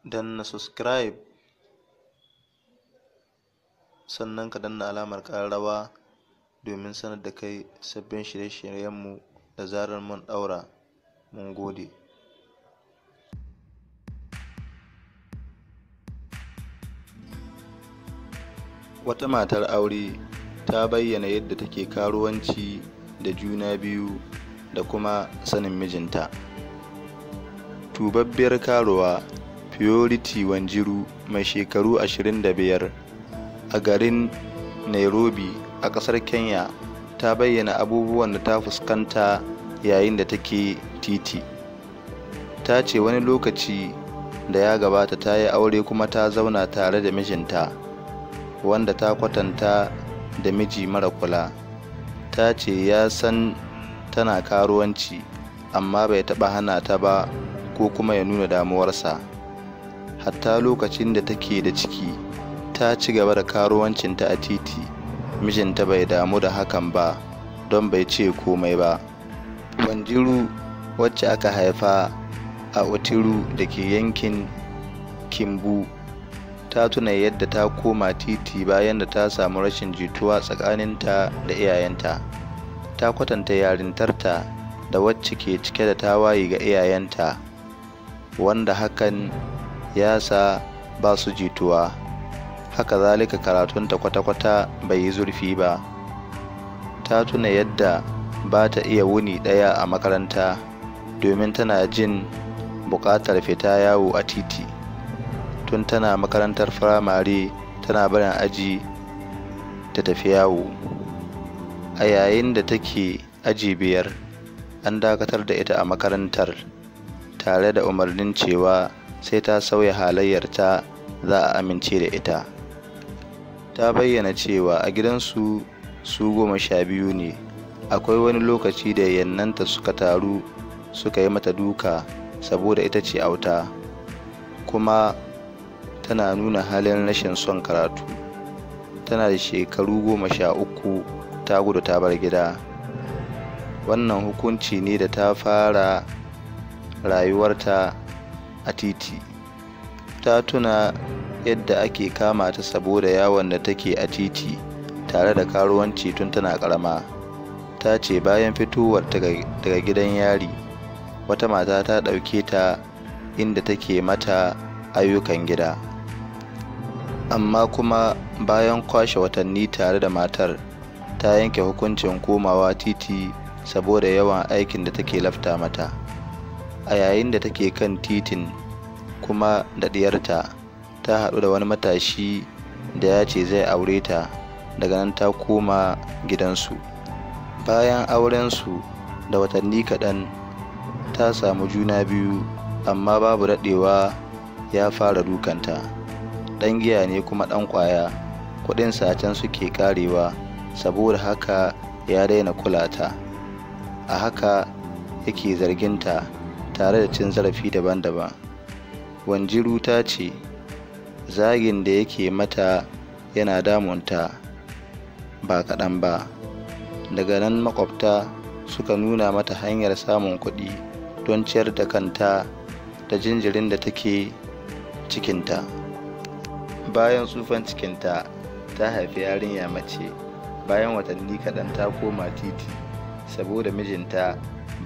danna subscribe sannan ka danna alamar ƙararrawa domin sanar da kai sabbin shirye-shiryenmu da zarar mun ɗaura mun gode wata matar aure ta bayyana yadda take karuwanci da juna biyu da kuma sanin mijinta tubabbiyar karuwa Purity Wanjiru mai shekaru 25 a garin Nairobi a ƙasar Kenya ta bayyana abubuwan da ta fuskanta yayin da take titi. Ta ce wani lokaci da ya gabata ta yi aure kuma ta zauna tare da mijinta wanda ta kwatanta da miji mara kula. Ta ce ya san tana karuwanci amma bai taɓa hana ta ba ko kuma ya nuna damuwarsa. hatta lokacin da take da ciki ta ci gaba da karuwancinta a titi mijinta bai damu da hakan ba don bai ce komai ba banjiru wacce aka haifa a otiru da ke yankin kimbu ta tuna yadda ta koma titi bayan da ta samu rashin jituwa tsakaninta da iyayenta ta kwatanta yarintarta da wacce ke cike da tawayi ga iyayenta wanda hakan ya sa ba su jituwa haka zalika karatunta kwata-kwata bai yi zurfi ba ta tuna yadda ba ta iya wuni ɗaya a makaranta domin tana jin buƙatar fita yawo a titi tun tana makarantar firamare tana barin aji ta tafi yawo a yayin da take aji biyar an dakatar da ita a makarantar tare da umarnin cewa sai ta sauya halayyarta za a amince da ita ta bayyana cewa a gidansu su goma sha biyu ne akwai wani lokaci da yannanta suka taru suka yi mata duka saboda ita ce auta kuma tana nuna halin rashin son karatu tana da shekaru goma sha uku ta gudu ta bar gida wannan hukunci ne da ta fara rayuwarta a titi ta tuna yadda ake kama ta saboda yawon da take a titi tare da karuwanci tun tana karama ta ce bayan fitowar daga gidan yari wata mata ta ɗauke ta inda take mata ayyukan gida amma kuma bayan kwashe watanni tare da matar ta yanke hukuncin komawa titi saboda yawan aikin da take lafta mata a yayin da take kan titin kuma da ɗiyarta ta haɗu da wani matashi da ya ce zai aure ta daga nan ta koma gidansu bayan aurensu da watanni kaɗan ta samu juna biyu amma babu daɗewa ya fara dukanta ɗan giya ne kuma ɗan ƙwaya kuɗin sacen suke ƙarewa saboda haka ya daina kula ta a haka yake zarginta tare da cin zarafi daban-daban wanjiru ta ce zagin da yake mata yana damunta ba kaɗan ba daga nan makwabta suka nuna mata hanyar samun kuɗi don ciyar da kanta da jinjirin da take cikinta bayan tsufan cikinta ta haifi yarinya mace bayan watanni kaɗan ta koma titi saboda mijinta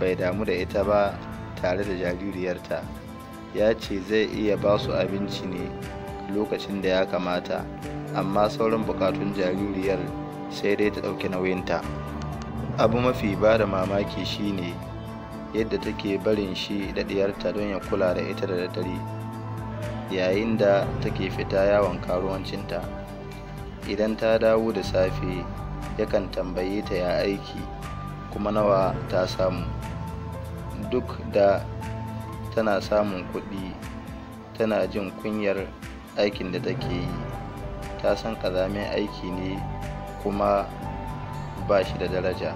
bai damu da ita ba tare da jaririyarta ya ce zai iya ba su abinci ne lokacin da ya kamata amma sauran bukatun jaririyar sai dai ta ɗauki nauyinta abu mafi ba da mamaki shine yadda take barin shi da ɗiyarta don ya kula da ita da daddare yayin da take fita yawon karuwancinta idan ta dawo da safe yakan tambaye ta ya aiki kuma nawa ta samu duk da tana samun kuɗi tana jin kunyar aikin da take yi ta san ƙazamin aiki ne kuma ba shi da daraja